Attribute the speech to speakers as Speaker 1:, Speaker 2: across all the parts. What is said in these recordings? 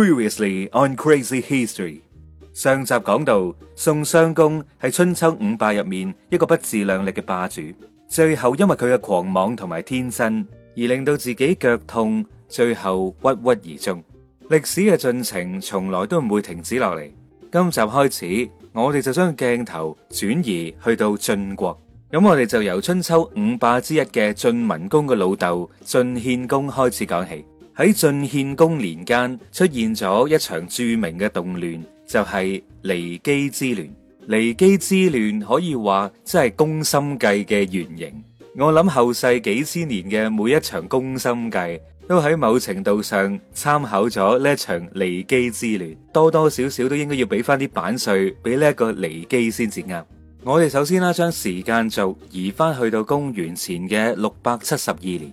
Speaker 1: Previously on Crazy History，上集講到宋襄公係春秋五霸入面一個不自量力嘅霸主，最後因為佢嘅狂妄同埋天真，而令到自己腳痛，最後鬱鬱而終。歷史嘅進程從來都唔會停止落嚟。今集開始，我哋就將鏡頭轉移去到晉國，咁、嗯、我哋就由春秋五霸之一嘅晉文公嘅老豆晉獻公開始講起。喺晉獻公年間出現咗一場著名嘅動亂，就係驪姬之亂。驪姬之亂可以話，即係宮心計嘅原型。我諗後世幾千年嘅每一場宮心計，都喺某程度上參考咗呢一場驪姬之亂，多多少少都應該要俾翻啲版稅俾呢一個驪姬先至啱。我哋首先啦，將時間軸移翻去到公元前嘅六百七十二年。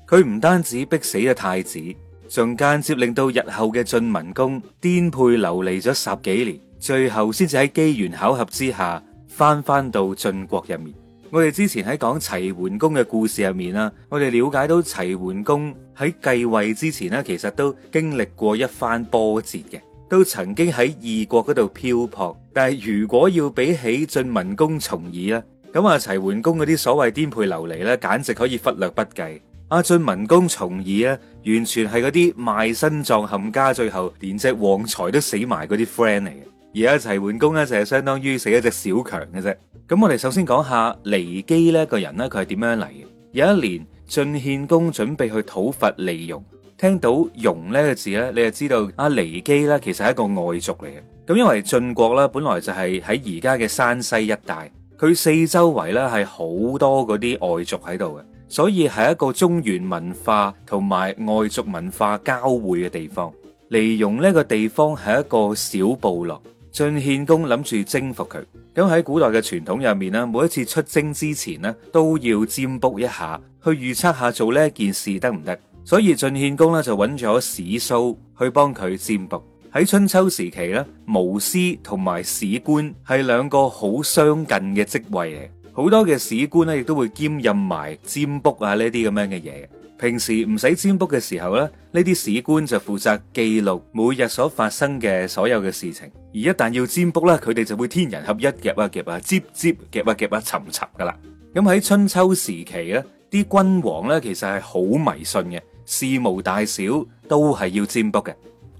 Speaker 1: 佢唔單止逼死咗太子，仲間接令到日後嘅晉文公顛沛流離咗十幾年，最後先至喺機緣巧合之下翻翻到晉國入面。我哋之前喺講齊桓公嘅故事入面啦，我哋了解到齊桓公喺繼位之前呢，其實都經歷過一番波折嘅，都曾經喺異國嗰度漂泊。但係如果要比起晉文公重耳呢，咁啊齊桓公嗰啲所謂顛沛流離呢，簡直可以忽略不計。阿晉、啊、文公重耳啊，完全係嗰啲賣身葬冚家，最後連隻旺財都死埋嗰啲 friend 嚟嘅。而阿齊桓公咧，就係、是、相當於死一隻小強嘅啫。咁我哋首先講下驪姬呢個人咧，佢係點樣嚟嘅？有一年晉獻公準備去討伐驪戎，聽到“戎”呢個字咧，你就知道阿驪姬咧其實係一個外族嚟嘅。咁因為晉國啦，本來就係喺而家嘅山西一帶，佢四周圍咧係好多嗰啲外族喺度嘅。所以係一個中原文化同埋外族文化交匯嘅地方。驪戎呢個地方係一個小部落，晉獻公諗住征服佢。咁喺古代嘅傳統入面啦，每一次出征之前呢，都要占卜一下，去預測下做呢件事得唔得。所以晉獻公咧就揾咗史蘇去幫佢占卜。喺春秋時期咧，巫師同埋史官係兩個好相近嘅職位嚟。好多嘅史官咧，亦都會兼任埋占卜啊、呢啲咁樣嘅嘢。平時唔使占卜嘅時候咧，呢啲史官就負責記錄每日所發生嘅所有嘅事情。而一旦要占卜咧，佢哋就會天人合一，夾啊夾啊，接接夾啊夾啊，尋尋噶啦。咁喺、嗯、春秋時期咧，啲君王咧其實係好迷信嘅，事無大小都係要占卜嘅。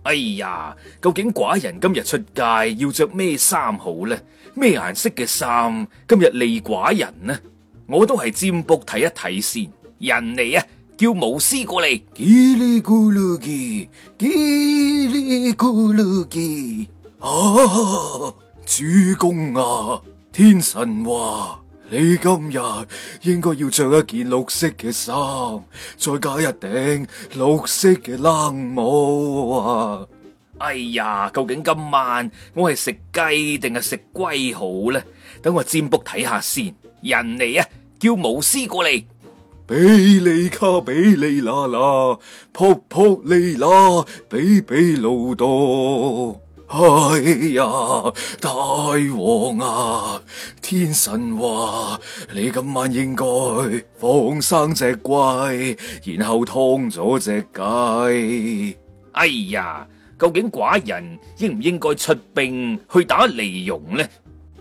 Speaker 1: 哎呀，究竟寡人今日出街要着咩衫好咧？咩顏色嘅衫？今日利寡人呢、啊？我都係占卜睇一睇先。人嚟啊，叫巫師過嚟。嘰哩咕嚕嘰，嘰哩咕嚕嘰。啊，主公啊，天神話你今日應該要着一件綠色嘅衫，再加一頂綠色嘅冷帽啊。哎呀，究竟今晚我係食雞定係食龜好咧？等我占卜睇下先。人嚟啊，叫巫師過嚟。比利卡比拉拉，比利那那，卜卜利那，比比老道。哎呀，大王啊，天神話你今晚應該放生隻龜，然後燙咗隻雞。哎呀！究竟寡人應唔應該出兵去打驪戎呢？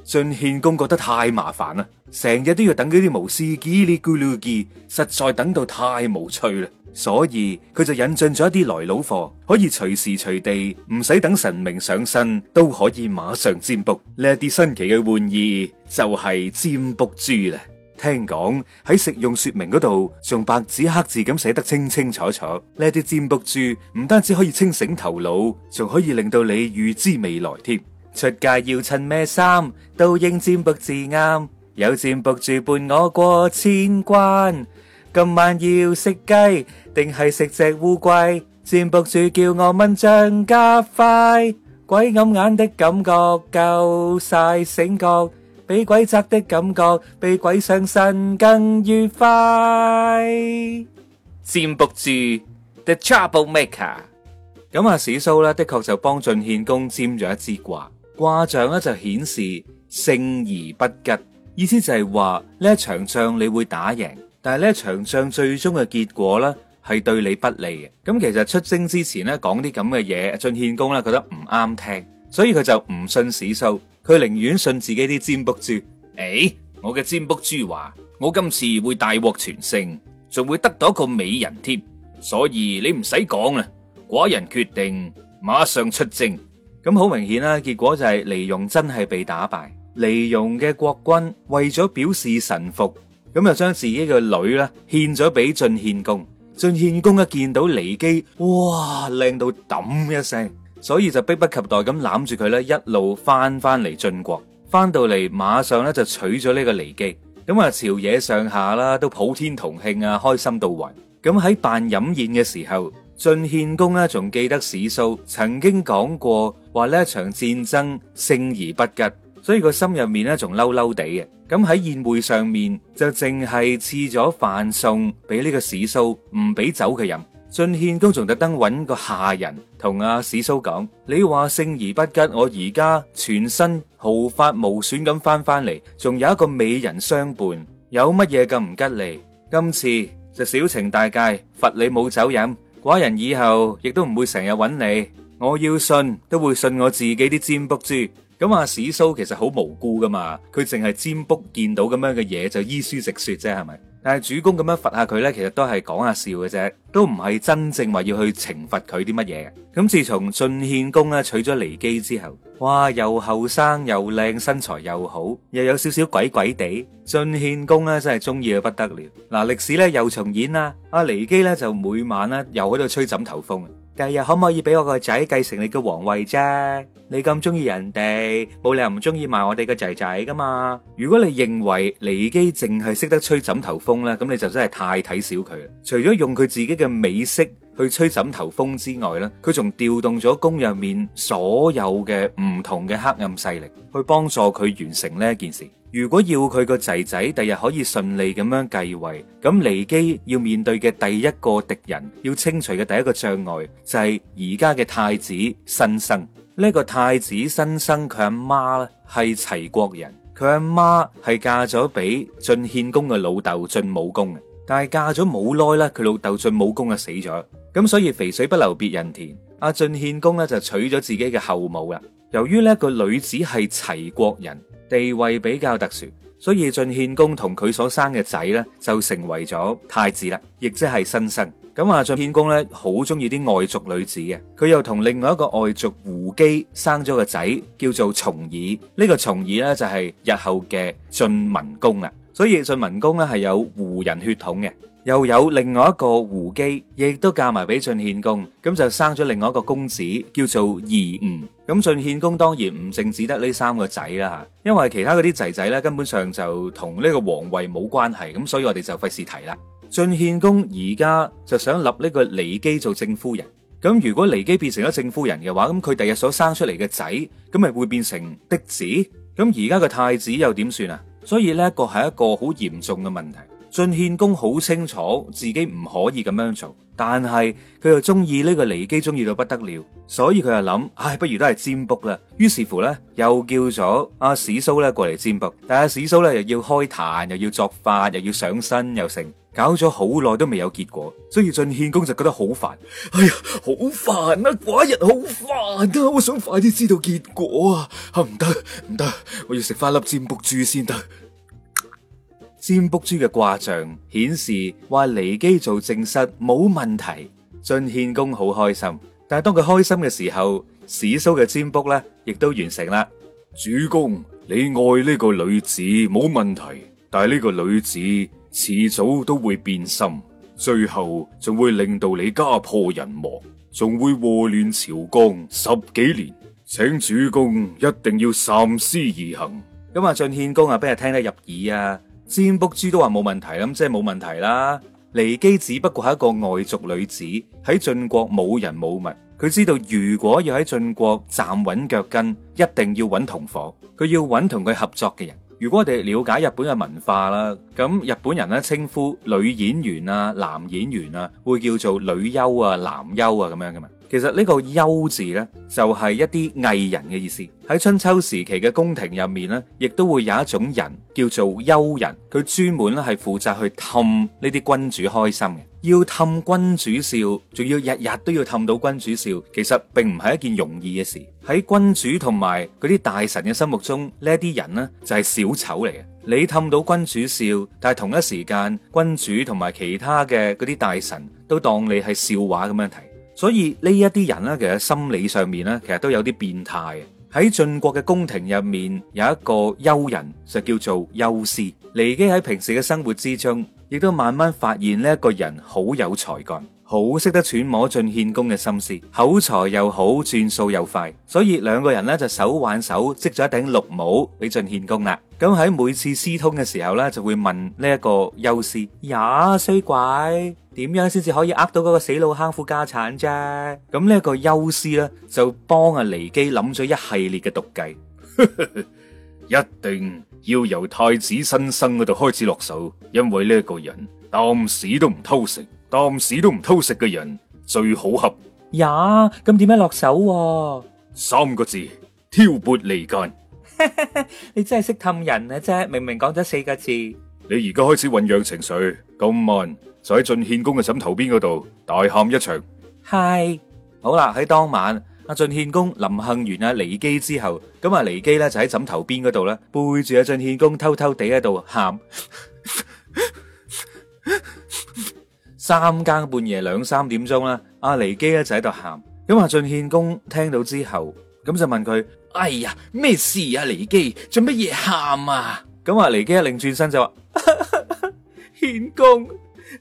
Speaker 1: 晉獻公覺得太麻煩啦，成日都要等嗰啲巫師嘰里咕嚕嘰，實在等到太無趣啦，所以佢就引進咗一啲來佬貨，可以隨時隨地唔使等神明上身，都可以馬上占卜。呢一啲新奇嘅玩意就係占卜珠啦。聽講喺食用說明嗰度，仲白紙黑字咁寫得清清楚楚。呢啲占卜珠唔單止可以清醒頭腦，仲可以令到你預知未來添。出街要襯咩衫，都應占卜字啱。有占卜珠伴我過千關。今晚要食雞，定係食隻烏龜？占卜珠叫我問張家輝。鬼暗眼的感覺夠晒醒覺。俾鬼責的感覺，比鬼上身更愉快。占卜住 The Trouble Maker，咁啊，史蘇咧的確就幫晉獻公占咗一支卦，卦象咧就顯示勝而不吉，意思就係話，呢一場仗你會打贏，但係呢一場仗最終嘅結果咧係對你不利嘅。咁其實出征之前咧講啲咁嘅嘢，晉獻公咧覺得唔啱聽，所以佢就唔信史蘇。佢寧願信自己啲占卜珠，誒，我嘅占卜珠話我今次會大獲全勝，仲會得到一個美人添，所以你唔使講啦，寡人決定馬上出征。咁好明顯啦，結果就係驪戎真係被打敗，驪戎嘅國君為咗表示臣服，咁又將自己嘅女啦獻咗俾晉獻公。晉獻公一見到驪姬，哇，靚到揼一聲。所以就迫不及待咁攬住佢咧，一路翻翻嚟晉國，翻到嚟馬上咧就娶咗呢個驪姬。咁啊朝野上下啦都普天同慶啊，開心到暈。咁喺辦飲宴嘅時候，晉獻公咧仲記得史蘇曾經講過話呢一場戰爭勝而不吉，所以個心入面咧仲嬲嬲地嘅。咁喺宴會上面就淨係賜咗飯送俾呢個史蘇，唔俾酒佢飲。晉獻公仲特登揾個下人同阿史蘇講：你話勝而不吉，我而家全身毫髮無損咁翻返嚟，仲有一個美人相伴，有乜嘢咁唔吉利？今次就小情大戒，罰你冇酒飲，寡人以後亦都唔會成日揾你。我要信，都會信我自己啲占卜珠。咁啊史蘇其實好無辜噶嘛，佢淨係占卜見到咁樣嘅嘢就依書直說啫，係咪？但係主公咁樣罰下佢呢，其實都係講下笑嘅啫，都唔係真正話要去懲罰佢啲乜嘢嘅。咁、嗯、自從晉獻公咧娶咗驪姬之後，哇，又後生又靚，身材又好，又有少少鬼鬼地，晉獻公咧真係中意到不得了。嗱、啊，歷史呢又重演啦，阿驪姬呢，就每晚呢，又喺度吹枕頭風。第日，日可唔可以俾我個仔繼承你嘅皇位啫？你咁中意人哋，冇理由唔中意埋我哋個仔仔噶嘛？如果你認為驪姬淨係識得吹枕頭風咧，咁你就真係太睇小佢啦。除咗用佢自己嘅美色去吹枕頭風之外咧，佢仲調動咗宮入面所有嘅唔同嘅黑暗勢力，去幫助佢完成呢一件事。如果要佢個仔仔第日可以順利咁樣繼位，咁驪姬要面對嘅第一個敵人，要清除嘅第一個障礙，就係而家嘅太子申生。呢、這個太子申生佢阿媽咧係齊國人，佢阿媽係嫁咗俾晉獻公嘅老豆晉武公，但係嫁咗冇耐咧，佢老豆晉武公啊死咗，咁所以肥水不流別人田，阿晉獻公咧就娶咗自己嘅後母啦。由於呢一個女子係齊國人。地位比較特殊，所以晉獻公同佢所生嘅仔呢，就成為咗太子啦，亦即係新生。咁話晉獻公呢好中意啲外族女子嘅，佢又同另外一個外族胡姬生咗個仔叫做重耳，呢個重耳呢，就係日後嘅晉文公啊，所以晉文公呢係有胡人血統嘅。又有另外一個胡姬，亦都嫁埋俾晉獻公，咁就生咗另外一個公子，叫做夷吾。咁晉獻公當然唔淨止得呢三個仔啦，嚇，因為其他嗰啲仔仔咧根本上就同呢個皇位冇關係，咁所以我哋就費事提啦。晉獻公而家就想立呢個驪姬做正夫人，咁如果驪姬變成咗正夫人嘅話，咁佢第日所生出嚟嘅仔，咁咪會變成嫡子？咁而家個太子又點算啊？所以呢個係一個好嚴重嘅問題。晉獻公好清楚自己唔可以咁樣做，但係佢又中意呢個驪姬中意到不得了，所以佢又諗，唉、哎，不如都係占卜啦。於是乎呢，又叫咗阿史蘇呢過嚟占卜，但係史蘇呢又要開壇，又要作法，又要上身，又成，搞咗好耐都未有結果，所以晉獻公就覺得好煩，哎呀，好煩啊，寡人好煩啊，我想快啲知道結果啊，唔得唔得，我要食翻粒占卜珠先得。占卜珠嘅卦象顯示話驪姬做正室冇問題，晉獻公好開心。但係當佢開心嘅時候，史蘇嘅占卜咧亦都完成啦。主公，你愛呢個女子冇問題，但係呢個女子遲早都會變心，最後仲會令到你家破人亡，仲會禍亂朝綱十幾年。請主公一定要三思而行。咁啊，晉獻公啊，邊日聽得入耳啊？占卜珠都話冇問題啦，咁即係冇問題啦。驪姬只不過係一個外族女子，喺晉國冇人冇物。佢知道如果要喺晉國站穩腳跟，一定要揾同伙。佢要揾同佢合作嘅人。如果我哋了解日本嘅文化啦，咁日本人呢，稱呼女演員啊、男演員啊，會叫做女優啊、男優啊咁樣嘅嘛。其實呢個“優”字呢，就係一啲藝人嘅意思。喺春秋時期嘅宮廷入面呢，亦都會有一種人叫做優人，佢專門咧係負責去氹呢啲君主開心嘅。要氹君主笑，仲要日日都要氹到君主笑，其實並唔係一件容易嘅事。喺君主同埋嗰啲大臣嘅心目中，呢啲人呢，就係小丑嚟嘅。你氹到君主笑，但係同一時間君主同埋其他嘅嗰啲大臣都當你係笑話咁樣睇。所以呢一啲人呢，其實心理上面呢，其實都有啲變態。喺晉國嘅宮廷入面，有一個優人就叫做優師。驪姬喺平時嘅生活之中，亦都慢慢發現呢一個人好有才幹，好識得揣摩晉獻公嘅心思，口才又好，轉數又快。所以兩個人呢，就手挽手織咗一頂綠帽俾晉獻公啦。咁喺每次私通嘅時候呢，就會問呢一個優師呀，衰鬼！」點樣先至可以呃到嗰個死老坑富家產啫？咁呢一個優施啦，就幫阿驪姬諗咗一系列嘅毒計，一定要由太子申生嗰度開始落手，因為呢一個人擔屎都唔偷食，擔屎都唔偷食嘅人最好恰呀。咁點樣落手？三個字挑撥離間。你真係識氹人啊啫！明明講咗四個字。你而家開始醞釀情緒，今晚就喺晉獻公嘅枕頭邊嗰度大喊一場。係 Hi 好啦，喺當晚阿晉獻公臨幸完阿驪姬之後，咁啊驪姬咧就喺枕頭邊嗰度咧背住阿晉獻公偷偷地喺度喊。 三更半夜兩三點鐘啦，阿驪姬咧就喺度喊，咁阿晉獻公聽到之後，咁就問佢，哎呀，咩事啊？驪姬，做乜嘢喊啊？咁啊！驪姬一擰轉身就話：獻公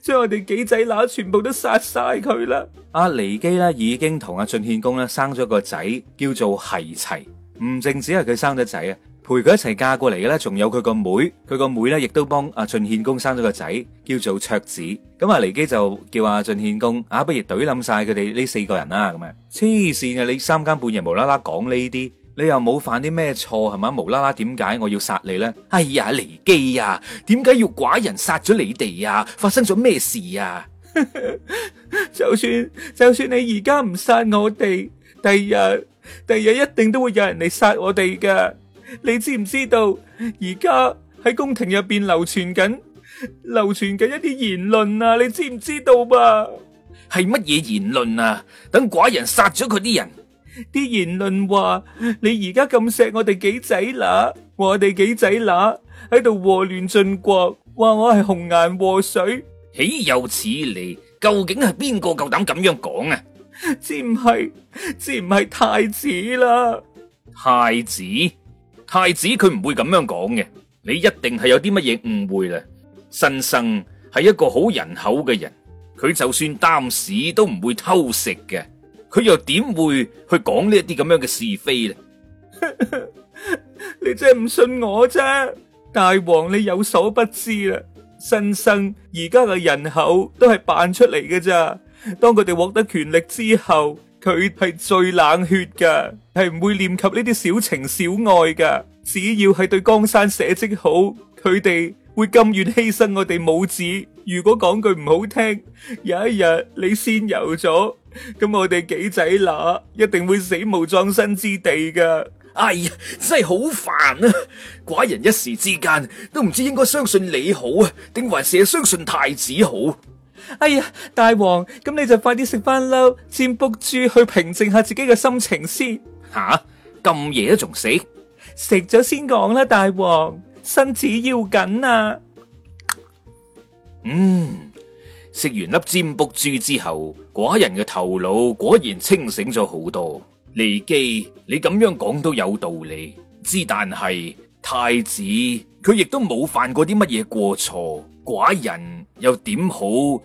Speaker 1: 將我哋幾仔乸全部都殺晒佢啦！阿驪姬咧已經同阿晉獻公咧生咗個仔叫做奚齊，唔淨止係佢生咗仔啊，陪佢一齊嫁過嚟嘅咧，仲有佢個妹，佢個妹咧亦都幫阿晉獻公生咗個仔叫做卓子。咁啊，驪姬就叫阿晉獻公啊，不如懟冧晒佢哋呢四個人啦！咁啊，黐線啊你三更半夜無啦啦講呢啲。你又冇犯啲咩錯係嘛？無啦啦，點解我要殺你咧？哎呀，驪姬呀！點解要寡人殺咗你哋呀、啊？發生咗咩事呀、啊？ 就算就算你而家唔殺我哋，第日第日一定都會有人嚟殺我哋噶。你知唔知道在在？而家喺宮廷入邊流傳緊流傳緊一啲言論啊！你知唔知道嘛？係乜嘢言論啊？等寡人殺咗佢啲人。啲言論話你而家咁錫我哋幾仔乸，我哋幾仔乸喺度禍亂晉國，話我係紅顏禍水，豈有此理？究竟係邊個夠膽咁樣講啊？似唔係似唔係太子啦？太子太子佢唔會咁樣講嘅，你一定係有啲乜嘢誤會啦。申生係一個好人口嘅人，佢就算擔屎都唔會偷食嘅。佢又點會去講呢啲咁樣嘅是非呢？ 你真係唔信我啫，大王你有所不知啦。新生而家嘅人口都係扮出嚟嘅咋。當佢哋獲得權力之後，佢係最冷血噶，係唔會念及呢啲小情小愛噶。只要係對江山社稷好，佢哋會甘願犧牲我哋母子。如果講句唔好聽，有一日你先由咗。咁我哋幾仔乸，一定會死無葬身之地噶。哎呀，真係好煩啊！寡人一時之間都唔知應該相信你好啊，定還是係相信太子好？哎呀，大王，咁你就快啲食翻粒占卜珠去平靜下自己嘅心情先。吓、啊，咁夜都仲食？食咗先講啦，大王，身子要緊啊。嗯。食完粒占卜珠之後，寡人嘅頭腦果然清醒咗好多。驪姬，你咁樣講都有道理，之但係太子佢亦都冇犯過啲乜嘢過錯，寡人又點好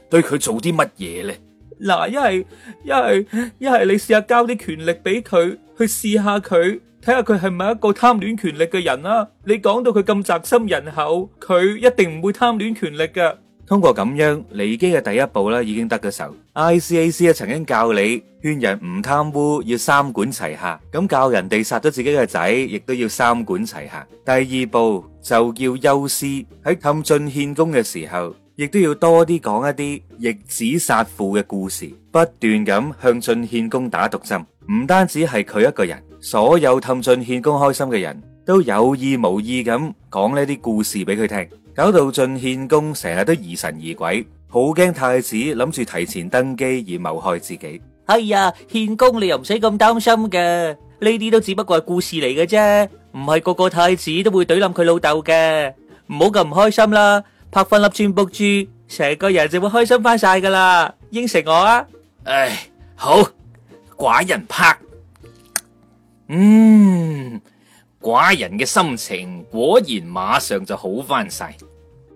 Speaker 1: 對佢做啲乜嘢呢？嗱，一係一係一係，你試下交啲權力俾佢去試下佢，睇下佢係咪一個貪戀權力嘅人啦。你講到佢咁宅心仁厚，佢一定唔會貪戀權力噶。通過咁樣，驪姬嘅第一步咧，已經得咗手。I C A C 咧曾經教你勸人唔貪污，要三管齊下。咁教人哋殺咗自己嘅仔，亦都要三管齊下。第二步就叫休思喺氹晉獻公嘅時候，亦都要多啲講一啲逆子殺父嘅故事，不斷咁向晉獻公打毒針。唔單止係佢一個人，所有氹晉獻公開心嘅人，都有意無意咁講呢啲故事俾佢聽，搞到晉獻公成日都疑神疑鬼，好驚太子諗住提前登基而謀害自己。哎呀，獻公你又唔使咁擔心嘅，呢啲都只不過係故事嚟嘅啫，唔係個個太子都會懟冧佢老豆嘅，唔好咁唔開心啦，拍翻粒占卜珠，成個人就會開心翻晒噶啦，應承我啊！唉，好，寡人拍，嗯。寡人嘅心情果然馬上就好返晒，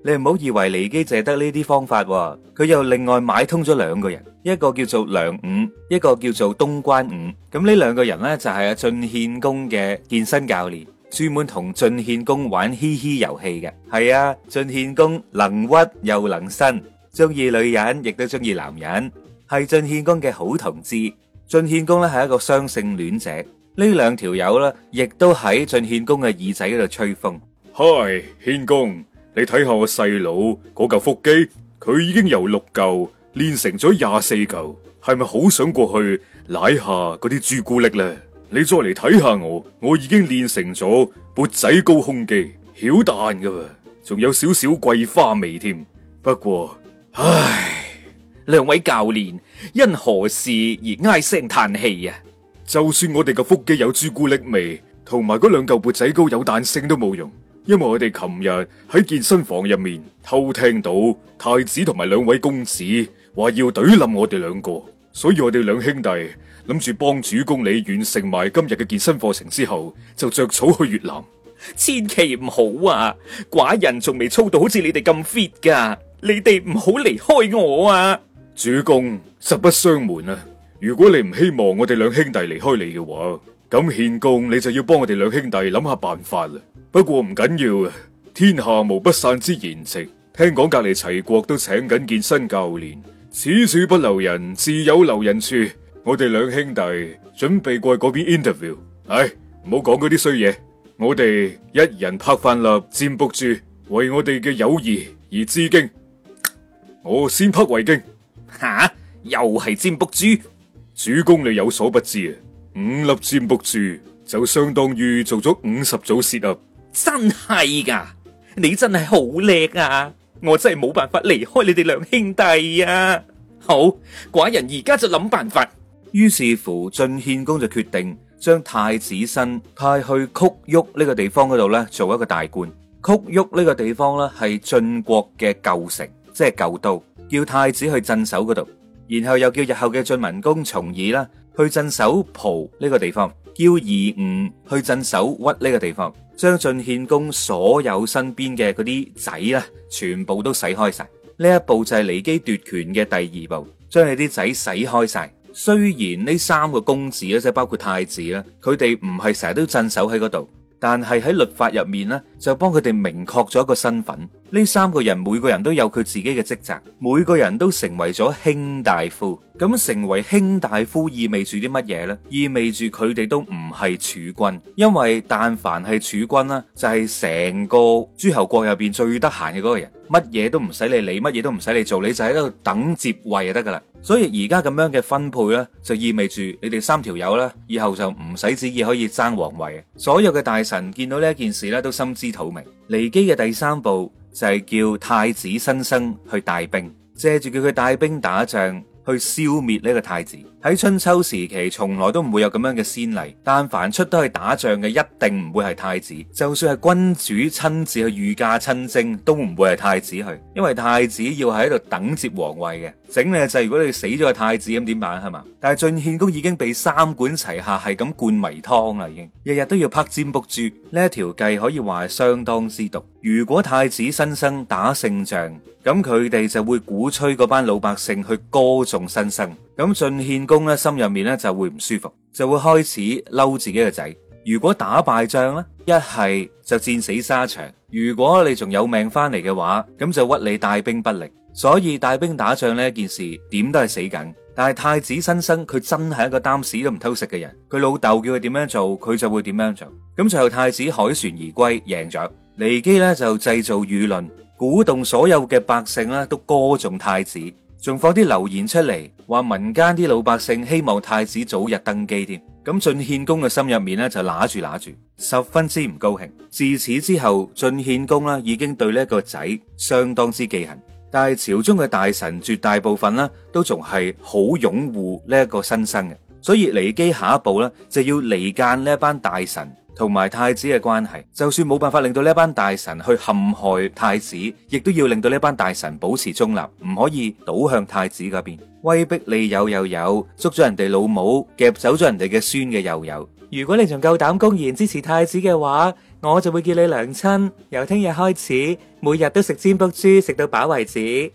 Speaker 1: 你唔好以為驪姬淨係得呢啲方法，佢又另外買通咗兩個人，一個叫做梁五，一個叫做東關五。咁呢兩個人呢就係啊晉獻公嘅健身教練，專門同晉獻公玩嘻嘻遊戲嘅。係啊，晉獻公能屈又能伸，中意女人亦都中意男人，係晉獻公嘅好同志。晉獻公呢係一個雙性戀者。呢兩條友呢，亦都喺晉獻公嘅耳仔嗰度吹風。嗨，獻公，你睇下我細佬嗰嚿腹肌，佢已經由六嚿練成咗廿四嚿，係咪好想過去舐下嗰啲朱古力咧？你再嚟睇下我，我已經練成咗缽仔糕胸肌，曉彈噶，仲有少少桂花味添。不過，唉，兩位教練因何事而唉聲嘆氣啊？就算我哋個腹肌有朱古力味，同埋嗰兩嚿缽仔糕有彈性都冇用，因為我哋琴日喺健身房入面偷聽到太子同埋兩位公子話要懟冧我哋兩個，所以我哋兩兄弟諗住幫主公你完成埋今日嘅健身課程之後，就着草去越南。千祈唔好啊，寡人仲未操到好似你哋咁 fit 噶，你哋唔好離開我啊！主公，實不相瞞啊。如果你唔希望我哋兩兄弟離開你嘅話，咁獻公你就要幫我哋兩兄弟諗下辦法啦。不過唔緊要啊，天下無不散之筵席。聽講隔籬齊國都請緊健身教練，此處不留人，自有留人處。我哋兩兄弟準備過去嗰邊 interview。唉，唔好講嗰啲衰嘢，我哋一人拍翻粒占卜珠，為我哋嘅友誼而致敬。我先拍為敬。吓、啊，又係占卜珠？主公，你有所不知啊！五粒占卜珠就相當於做咗五十組蝕啊！真係噶，你真係好叻啊！我真係冇辦法離開你哋兩兄弟啊！好，寡人而家就諗辦法。於是乎，晉獻公就決定將太子申派去曲沃呢個地方嗰度咧，做一個大官。曲沃呢個地方咧，係晉國嘅舊城，即係舊都，叫太子去鎮守嗰度。然後又叫日後嘅晉文公重耳啦去鎮守蒲呢個地方，叫夷吾去鎮守屈呢個地方，將晉獻公所有身邊嘅嗰啲仔啦，全部都洗開晒。呢一步就係驪姬奪權嘅第二步，將你啲仔洗開晒。雖然呢三個公子啊，即係包括太子啦，佢哋唔係成日都鎮守喺嗰度，但係喺律法入面咧，就幫佢哋明確咗一個身份。呢三個人每個人都有佢自己嘅職責，每個人都成為咗卿大夫。咁成為卿大夫意味住啲乜嘢呢？意味住佢哋都唔係儲君，因為但凡係儲君啦，就係成個諸侯國入邊最得閒嘅嗰個人，乜嘢都唔使你理，乜嘢都唔使你做，你就喺度等接位就得噶啦。所以而家咁樣嘅分配呢，就意味住你哋三條友啦，以後就唔使旨意可以爭皇位。所有嘅大臣見到呢一件事呢，都心知肚明。驪姬嘅第三步，就係叫太子申生去帶兵，借住叫佢帶兵打仗，去消滅呢個太子。喺春秋時期，從來都唔會有咁樣嘅先例。但凡出都去打仗嘅，一定唔會係太子。就算係君主親自去御駕親征，都唔會係太子去，因為太子要喺度等接皇位嘅。整嘅就係、是、如果你死咗個太子咁點辦係嘛？但係晉獻公已經被三管齊下係咁灌迷湯啦，已經日日都要拍占卜珠。呢一條計，可以話係相當之毒。如果太子新生,生打勝仗，咁佢哋就會鼓吹嗰班老百姓去歌頌新生。咁晉獻公咧心入面咧就會唔舒服，就會開始嬲自己嘅仔。如果打敗仗咧，一係就戰死沙場；如果你仲有命翻嚟嘅話，咁就屈你帶兵不力。所以帶兵打仗呢件事，點都係死梗。但係太子新生，生，佢真係一個擔屎都唔偷食嘅人。佢老豆叫佢點樣做，佢就會點樣做。咁最後太子凱旋而歸，贏咗。驪姬呢就製造輿論，鼓動所有嘅百姓咧都歌頌太子。仲放啲流言出嚟，話民間啲老百姓希望太子早日登基添。咁晉獻公嘅心入面咧就揦住揦住，十分之唔高興。自此之後，晉獻公呢已經對呢一個仔相當之記恨。但係朝中嘅大臣絕大部分呢都仲係好擁護呢一個申生嘅，所以驪姬下一步呢，就要離間呢一班大臣。同埋太子嘅關係，就算冇辦法令到呢班大臣去陷害太子，亦都要令到呢班大臣保持中立，唔可以倒向太子嗰邊。威逼利誘又有，捉咗人哋老母，夾走咗人哋嘅孫嘅又有，有。如果你仲夠膽公然支持太子嘅話，我就會叫你娘親，由聽日開始，每日都食占卜豬，食到飽為止。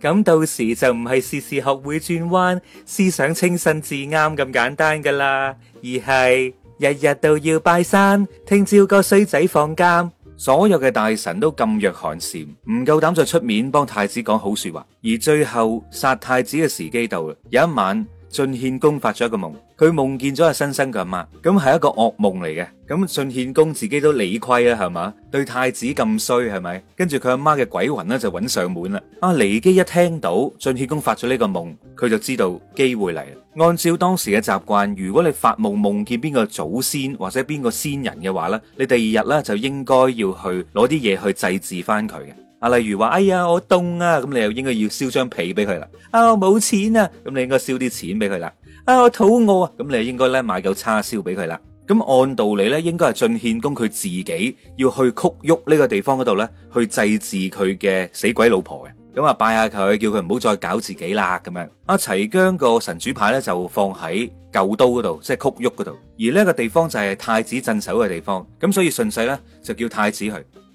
Speaker 1: 咁 到時就唔係時時學會轉彎，思想清新至啱咁簡單噶啦，而係。日日都要拜山。聽朝個衰仔放監，所有嘅大臣都噤若寒蟬，唔夠膽再出面幫太子講好說話，而最後殺太子嘅時機到啦，有一晚。晉獻公發咗一個夢，佢夢見咗阿新生佢阿媽，咁係一個噩夢嚟嘅。咁晉獻公自己都理虧啦，係嘛？對太子咁衰，係咪？跟住佢阿媽嘅鬼魂呢，就揾上門啦。阿驪姬一聽到晉獻公發咗呢個夢，佢就知道機會嚟。按照當時嘅習慣，如果你發夢夢見邊個祖先或者邊個先人嘅話呢，你第二日呢，就應該要去攞啲嘢去祭祀翻佢嘅。啊，例如話，哎呀，我凍啊，咁你又應該要燒張被俾佢啦。啊、哎，我冇錢啊，咁你應該燒啲錢俾佢啦。啊、哎，我肚餓啊，咁你又應該咧買嚿叉燒俾佢啦。咁按道理咧，應該係晉獻公佢自己要去曲沃呢個地方嗰度咧，去祭祀佢嘅死鬼老婆嘅。咁啊，拜下佢，叫佢唔好再搞自己啦，咁樣。阿齊姜個神主牌咧就放喺舊都嗰度，即、就、係、是、曲沃嗰度。而呢一個地方就係太子鎮守嘅地方，咁所以順勢咧就叫太子去。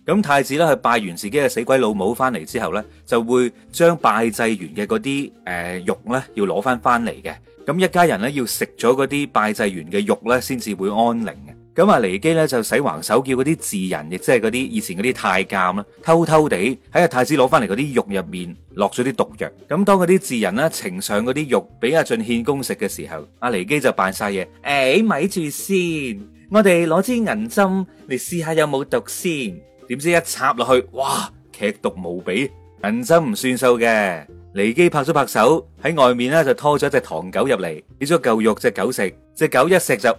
Speaker 1: 咁太子咧，去拜完自己嘅死鬼老母翻嚟之後咧，就會將拜祭完嘅嗰啲誒肉咧要攞翻翻嚟嘅。咁一家人咧要食咗嗰啲拜祭完嘅肉咧，先至會安寧嘅。咁、啊、阿尼基咧就使橫手叫嗰啲寺人，亦即係嗰啲以前嗰啲太監啦，偷偷地喺阿太子攞翻嚟嗰啲肉入面落咗啲毒藥。咁、啊、當嗰啲寺人咧呈上嗰啲肉俾阿晉獻公食嘅時候，阿、啊、驪姬就扮晒嘢，誒、欸，咪住先，我哋攞支銀針嚟試下有冇毒先。點知一插落去，哇！劇毒無比，銀針唔算數嘅。驪姬拍咗拍手喺外面啦，就拖咗隻唐狗入嚟，俾咗嚿肉隻狗食。隻狗一食就，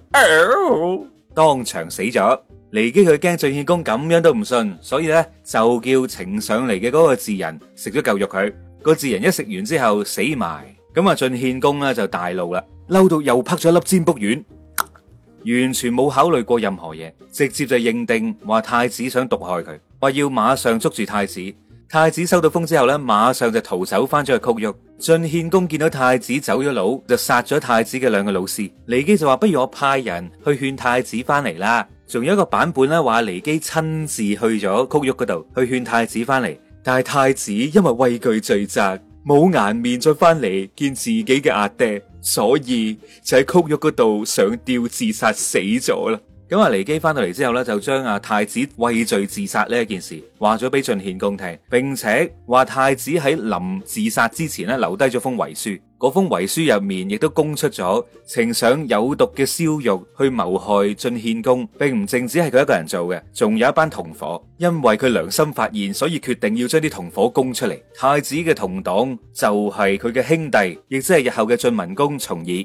Speaker 1: 當場死咗。驪姬佢驚晉獻公咁樣都唔信，所以咧就叫呈上嚟嘅嗰個智人食咗嚿肉佢。那個智人一食完之後死埋，咁啊晉獻公呢就大怒啦，嬲到又啪咗粒占卜丸。完全冇考慮過任何嘢，直接就認定話太子想毒害佢，話要馬上捉住太子。太子收到風之後咧，馬上就逃走翻咗去曲沃。晉獻公見到太子走咗佬，就殺咗太子嘅兩個老師。驪姬就話：不如我派人去勸太子翻嚟啦。仲有一個版本咧，話驪姬親自去咗曲沃嗰度去勸太子翻嚟，但係太子因為畏懼罪責，冇顏面再翻嚟見自己嘅阿爹。所以就喺曲沃度上吊自殺死咗啦。咁阿驪姬翻到嚟之後咧，就將阿太子畏罪自殺呢一件事話咗俾晉獻公聽，並且話太子喺臨自殺之前咧，留低咗封遺書。嗰封遺書入面亦都供出咗，呈上有毒嘅燒肉去謀害晉獻公，並唔淨止係佢一個人做嘅，仲有一班同伙。因為佢良心發現，所以決定要將啲同伙供出嚟。太子嘅同黨就係佢嘅兄弟，亦即係日後嘅晉文公重耳。